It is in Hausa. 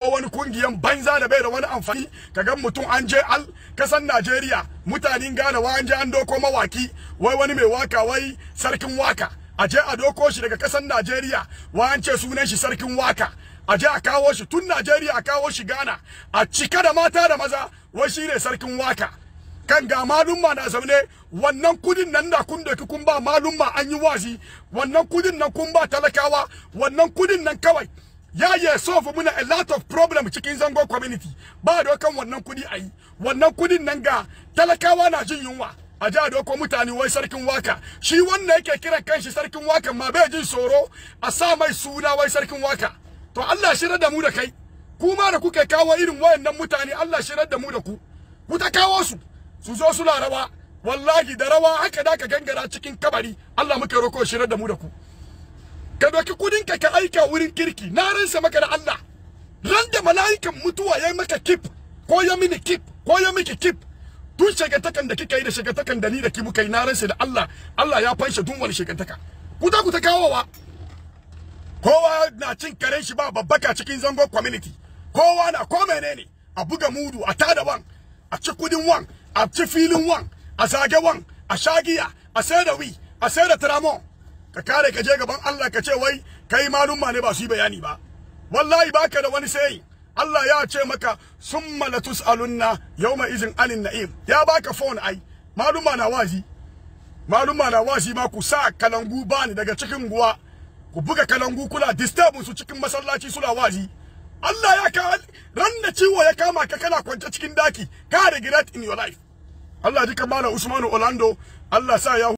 wani kungiyan banza da bai da wani amfani ka ga mutum an je al kasan Najeriya mutanen Ghana wa an je an doko mawaki wai wani mai waka wai sarkin waka a je a doko shi daga kasan Najeriya wa an ce sunan shi sarkin waka a je a kawo shi tun Najeriya a kawo shi Ghana a cika da mata da maza wai shi ne sarkin waka kan ga malumma na zaune wannan kudin nan da kun doki kun ba malumma an yi wazi wannan kudin nan kun ba talakawa wannan kudin nan kawai ya ya solve muna a lot of problem cikin zango community ba dokan wannan kudi a yi wannan kudin nan ga talakawa na jin yunwa a ji doko mutane wai sarkin waka shi wanda yake kiran kanshi sarkin waka ma bai jin tsoro a sa mai suna wai sarkin waka to Allah shi da mu da kai kuma da kuke kawo irin wayannan mutane Allah shi da mu da ku ku ta kawo su su zo su larawa wallahi da rawa haka da ka gangara cikin kabari Allah muke roko shi da mu da ku ka doki kudin ka ka aika wurin kirki na ransa maka da Allah ran da mala'ikan mutuwa ya maka kip ko ya mini kip ko ya miki kip duk shagatakan da kika yi da shagatakan da ni da ki muka yi na ransa da Allah Allah ya fanshe duk wani shagataka ku ta ku ta kawowa kowa na cin karen shi ba babbaka cikin zango community kowa na ko menene a buga mudu a tada wan a ci kudin wan a ci filin wan a zage wan a shagiya a sai da wi a sai da tramon ka kare ka je gaban Allah ka ce wai kai malumma ne ba su yi bayani ba wallahi baka da wani sai Allah ya ce maka summa yau yawma izin anin na'im ya baka phone ai malumma na wazi malumma na wazi ma ku sa kalangu bani daga cikin guwa ku buga kalangu kula disturb su cikin masallaci suna wazi Allah ya ka ran da ciwo ya kama ka kana kwance cikin daki ka regret in your life Allah jika mana Usmanu Orlando Allah sa ya